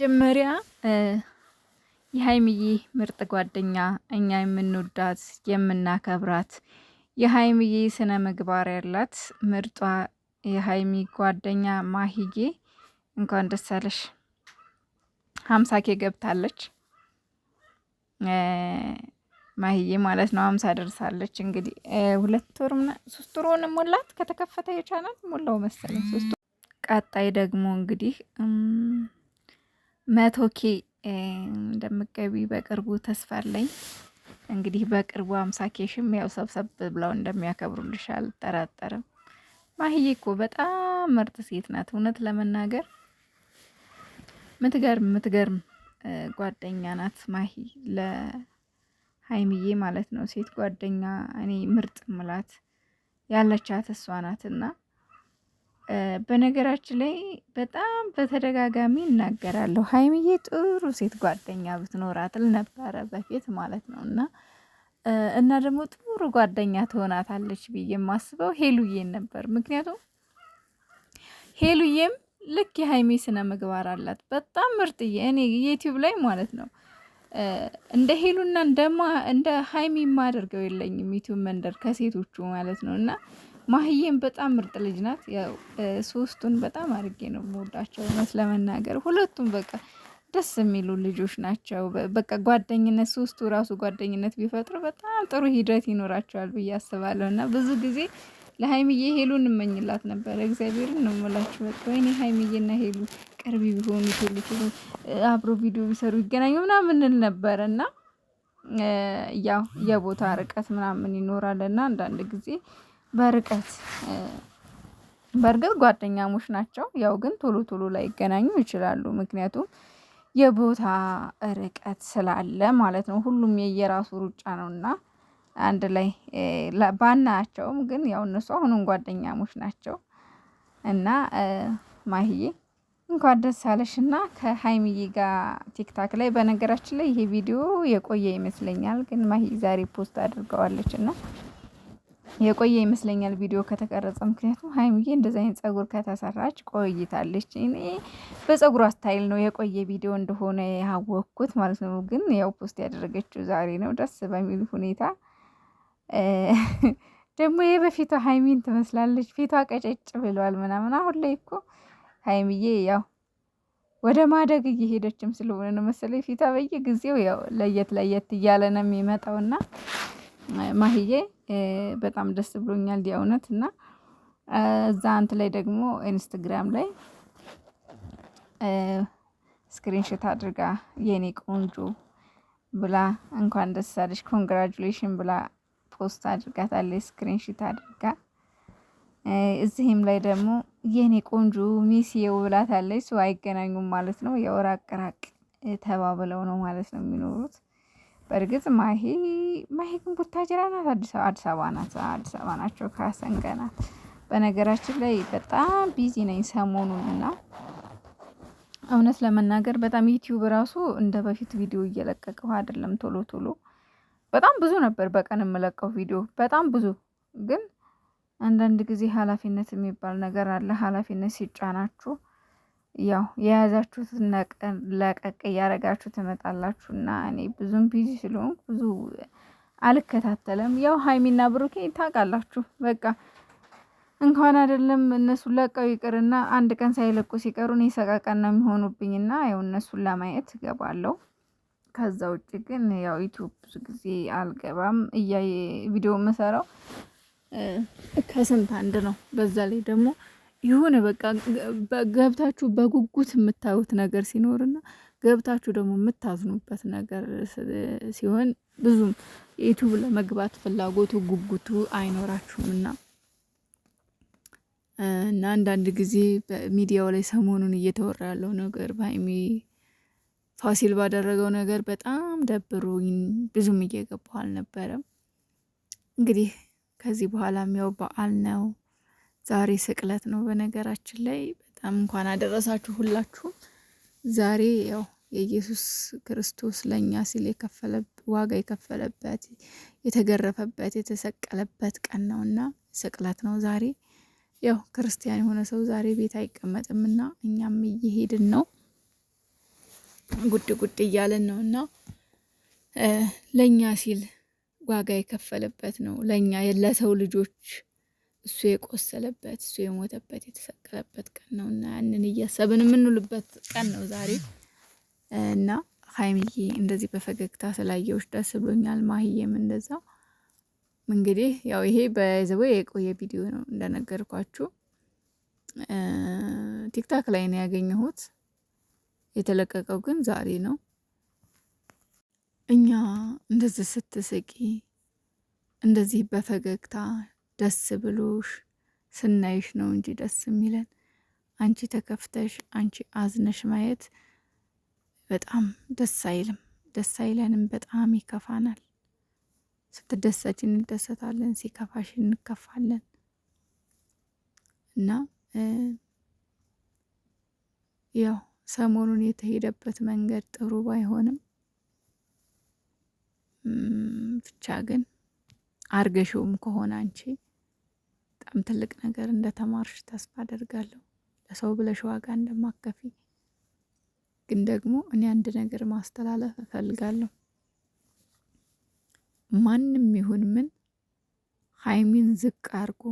መጀመሪያ የሀይሚዬ ምርጥ ጓደኛ እኛ የምንወዳት የምናከብራት የሀይሚዬ ስነ ምግባር ያላት ምርጧ የሀይሚ ጓደኛ ማሂጌ እንኳን ደስ አለሽ። ሀምሳ ኬ ገብታለች ማሂዬ ማለት ነው። ሀምሳ ደርሳለች። እንግዲህ ሁለት ወር ሶስት ወር ሆነ ሞላት ከተከፈተ የቻናል ሞላው መሰለኝ። ቀጣይ ደግሞ እንግዲህ መቶ ኬ እንደምገቢ በቅርቡ ተስፋ አለኝ። እንግዲህ በቅርቡ አምሳ ኬሽም ያው ሰብሰብ ብለው እንደሚያከብሩልሽ አልጠራጠርም። ማህዬ እኮ በጣም ምርጥ ሴት ናት። እውነት ለመናገር ምትገርም ምትገርም ጓደኛ ናት ማሂ ለሀይሚዬ ማለት ነው። ሴት ጓደኛ እኔ ምርጥ ምላት ያለቻት እሷ ናትና በነገራችን ላይ በጣም በተደጋጋሚ እናገራለሁ። ሀይሚዬ ጥሩ ሴት ጓደኛ ብትኖራት ነበረ በፊት ማለት ነው እና እና ደግሞ ጥሩ ጓደኛ ትሆናታለች ብዬ የማስበው ሄሉዬን ነበር። ምክንያቱም ሄሉዬም ልክ የሀይሚ ስነ ምግባር አላት። በጣም ምርጥዬ እኔ ዩቲዩብ ላይ ማለት ነው እንደ ሄሉና እንደ ሀይሚ የማደርገው የለኝም ዩቲዩብ መንደር ከሴቶቹ ማለት ነው። እና ማህዬም በጣም ምርጥ ልጅ ናት። ያው ሶስቱን በጣም አድርጌ ነው የምወዳቸው እውነት ለመናገር ሁለቱም በቃ ደስ የሚሉ ልጆች ናቸው። በቃ ጓደኝነት ሶስቱ ራሱ ጓደኝነት ቢፈጥሩ በጣም ጥሩ ሂደት ይኖራቸዋል ብዬ አስባለሁ እና ብዙ ጊዜ ለሀይምዬ ሄሉን እንመኝላት ነበረ። እግዚአብሔርን ነው የምላችሁ። በቃ ወይኔ ሀይሚዬና ሄሉ ቅርቢ ቢሆኑ ሄሉ አብሮ ቪዲዮ ቢሰሩ ይገናኙ ምናምን እንል ነበረ እና ያው የቦታ ርቀት ምናምን ይኖራል እና አንዳንድ ጊዜ በርቀት በእርግጥ ጓደኛሞች ናቸው። ያው ግን ቶሎ ቶሎ ላይገናኙ ይችላሉ። ምክንያቱም የቦታ ርቀት ስላለ ማለት ነው። ሁሉም የየራሱ ሩጫ ነውና አንድ ላይ ባናያቸውም ግን ያው እነሱ አሁኑን ጓደኛሞች ናቸው እና ማሂዬ እንኳን ደስ አለሽና ከሀይሚዬ ጋር ቲክታክ ላይ በነገራችን ላይ ይሄ ቪዲዮ የቆየ ይመስለኛል፣ ግን ማሂ ዛሬ ፖስት አድርገዋለች እና የቆየ ይመስለኛል ቪዲዮ ከተቀረጸ። ምክንያቱም ሀይሚዬ እንደዚ አይነት ጸጉር ከተሰራች ቆይታለች። እኔ በጸጉሯ ስታይል ነው የቆየ ቪዲዮ እንደሆነ ያወቅኩት ማለት ነው። ግን ያው ፖስት ያደረገችው ዛሬ ነው ደስ በሚል ሁኔታ ደግሞ ይሄ በፊቷ ሀይሚን ትመስላለች፣ ፊቷ ቀጨጭ ብሏል ምናምን። አሁን ላይ እኮ ሀይሚዬ ያው ወደ ማደግ እየሄደችም ስለሆነ ነው መሰለኝ ፊቷ በየጊዜው ያው ለየት ለየት እያለ ነው የሚመጣውና ማህዬ በጣም ደስ ብሎኛል የእውነት እና እዛ አንት ላይ ደግሞ ኢንስትግራም ላይ ስክሪንሾት አድርጋ የኔ ቆንጆ ብላ እንኳን ደስ አለሽ ኮንግራጁሌሽን ብላ ፖስት አድርጋታለች ስክሪንሽት አድርጋ። እዚህም ላይ ደግሞ የኔ ቆንጆ ሚስዬው ብላታለች። ሰው አይገናኙም ማለት ነው። ያው አቀራቅ ተባብለው ነው ማለት ነው የሚኖሩት። በእርግጥ ማሄ ማሄ ግን ቡታጅራ ናት፣ አዲስ አበባ ናት፣ አዲስ አበባ ናቸው ከሀሰን በነገራችን ላይ በጣም ቢዚ ነኝ ሰሞኑን እና እውነት ለመናገር በጣም ዩቲዩብ ራሱ እንደ በፊት ቪዲዮ እየለቀቀው አይደለም ቶሎ ቶሎ በጣም ብዙ ነበር በቀን የምለቀው ቪዲዮ በጣም ብዙ። ግን አንዳንድ ጊዜ ኃላፊነት የሚባል ነገር አለ። ኃላፊነት ሲጫናችሁ ያው የያዛችሁትን ለቀቅ እያደረጋችሁ ትመጣላችሁ እና እኔ ብዙም ቢዚ ስለሆን ብዙ አልከታተለም። ያው ሀይሚና ብሩኬ ታውቃላችሁ በቃ እንኳን አይደለም እነሱ ለቀው ይቅርና አንድ ቀን ሳይለቁ ሲቀሩ እኔ ሰቀቀን ነው የሚሆኑብኝና ያው እነሱን ለማየት እገባለሁ። ከዛ ውጭ ግን ያው ዩቱብ ብዙ ጊዜ አልገባም። እያየ ቪዲዮ የምሰራው ከስንት አንድ ነው። በዛ ላይ ደግሞ ይሁን በቃ ገብታችሁ በጉጉት የምታዩት ነገር ሲኖርና ገብታችሁ ደግሞ የምታዝኑበት ነገር ሲሆን ብዙም የዩቱብ ለመግባት ፍላጎቱ ጉጉቱ አይኖራችሁም እና እና አንዳንድ ጊዜ በሚዲያው ላይ ሰሞኑን እየተወራ ያለው ነገር በሀይሚ ፋሲል ባደረገው ነገር በጣም ደብሮኝ ብዙም እየገባሁ አልነበረም። እንግዲህ ከዚህ በኋላ የሚያው በዓል ነው። ዛሬ ስቅለት ነው። በነገራችን ላይ በጣም እንኳን አደረሳችሁ ሁላችሁም። ዛሬ ያው የኢየሱስ ክርስቶስ ለእኛ ሲል ዋጋ የከፈለበት የተገረፈበት የተሰቀለበት ቀን ነው እና ስቅለት ነው ዛሬ። ያው ክርስቲያን የሆነ ሰው ዛሬ ቤት አይቀመጥም እና እኛም እየሄድን ነው ጉድ ጉድ እያለን ነው እና ለእኛ ሲል ዋጋ የከፈለበት ነው። ለእኛ ለሰው ልጆች እሱ የቆሰለበት እሱ የሞተበት የተሰቀለበት ቀን ነው እና ያንን እያሰብን የምንውልበት ቀን ነው ዛሬ እና ሀይሚዬ እንደዚህ በፈገግታ ስላየዎች ደስ ብሎኛል። ማህዬም እንደዛው እንግዲህ ያው ይሄ በዘቦ የቆየ ቪዲዮ ነው እንደነገርኳችሁ ቲክታክ ላይ ነው ያገኘሁት። የተለቀቀው ግን ዛሬ ነው። እኛ እንደዚህ ስትስቂ እንደዚህ በፈገግታ ደስ ብሎሽ ስናይሽ ነው እንጂ ደስ የሚለን አንቺ ተከፍተሽ አንቺ አዝነሽ ማየት በጣም ደስ አይልም፣ ደስ አይለንም፣ በጣም ይከፋናል። ስትደሰች እንደሰታለን፣ ሲከፋሽ እንከፋለን። እና ያው ሰሞኑን የተሄደበት መንገድ ጥሩ ባይሆንም ብቻ ግን አርገሽውም ከሆነ አንቺ በጣም ትልቅ ነገር እንደተማርሽ ተስፋ አደርጋለሁ። ለሰው ብለሽ ዋጋ እንደማከፊ ግን ደግሞ እኔ አንድ ነገር ማስተላለፍ እፈልጋለሁ። ማንም ይሁን ምን ሀይሚን ዝቅ አርጎ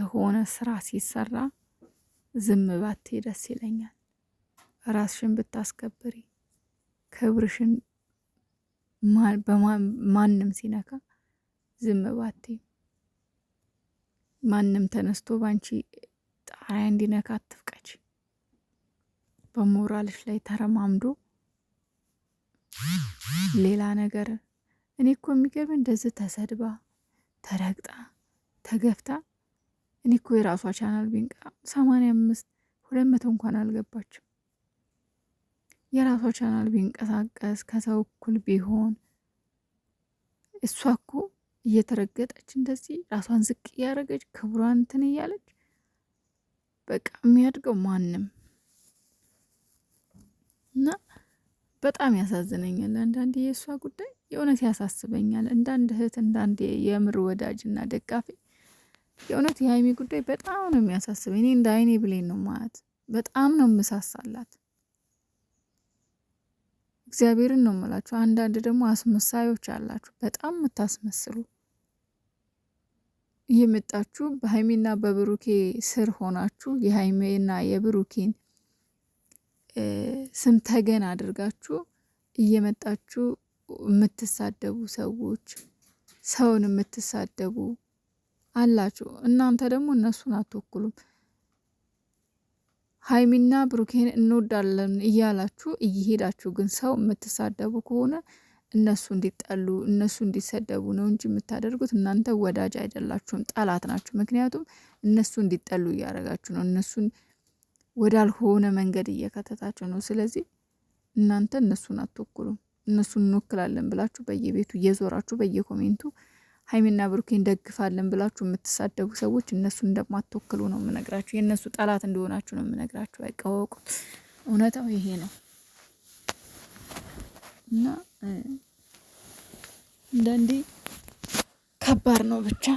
የሆነ ስራ ሲሰራ ዝም ባትይ ደስ ይለኛል። ራስሽን ብታስከብሪ ክብርሽን ማንም ሲነካ ዝም ባቲ፣ ማንም ተነስቶ ባንቺ ጣሪያ እንዲነካ አትፍቀች። በሞራልሽ ላይ ተረማምዶ ሌላ ነገር እኔ እኮ የሚገርም እንደዚህ ተሰድባ ተረግጣ ተገፍታ እኔ እኮ የራሷ ቻናል ቢንቃ ሰማንያ አምስት ሁለት መቶ እንኳን አልገባችም። የራሷ ቻናል ቢንቀሳቀስ ከሰው እኩል ቢሆን እሷ እኮ እየተረገጠች እንደዚህ ራሷን ዝቅ እያደረገች ክብሯን እንትን እያለች በቃ የሚያድገው ማንም እና በጣም ያሳዝነኛል። አንዳንድ የእሷ ጉዳይ የእውነት ያሳስበኛል። እንዳንድ እህት፣ እንዳንድ የምር ወዳጅ እና ደጋፊ የእውነት የሀይሚ ጉዳይ በጣም ነው የሚያሳስበኝ። እኔ እንደ አይኔ ብሌን ነው ማለት በጣም ነው የምሳሳላት። እግዚአብሔርን ነው የምላችሁ። አንዳንድ ደግሞ አስመሳዮች አላችሁ፣ በጣም የምታስመስሉ እየመጣችሁ በሀይሜና በብሩኬ ስር ሆናችሁ የሀይሜና የብሩኬን ስም ተገን አድርጋችሁ እየመጣችሁ የምትሳደቡ ሰዎች ሰውን የምትሳደቡ አላችሁ። እናንተ ደግሞ እነሱን አትወክሉም። ሀይሚና ብሩኬን እንወዳለን እያላችሁ እየሄዳችሁ ግን ሰው የምትሳደቡ ከሆነ እነሱ እንዲጠሉ እነሱ እንዲሰደቡ ነው እንጂ የምታደርጉት እናንተ ወዳጅ አይደላችሁም፣ ጠላት ናችሁ። ምክንያቱም እነሱ እንዲጠሉ እያደረጋችሁ ነው፣ እነሱን ወዳልሆነ መንገድ እየከተታችሁ ነው። ስለዚህ እናንተ እነሱን አትወክሉም። እነሱን እንወክላለን ብላችሁ በየቤቱ እየዞራችሁ በየኮሜንቱ ሀይሚና ብሩኬ እንደግፋለን ብላችሁ የምትሳደቡ ሰዎች እነሱ እንደማትወክሉ ነው የምነግራችሁ። የእነሱ ጠላት እንደሆናችሁ ነው የምነግራችሁ። አይቀዋወቁት እውነታው ይሄ ነው እና አንዳንዴ ከባድ ነው ብቻ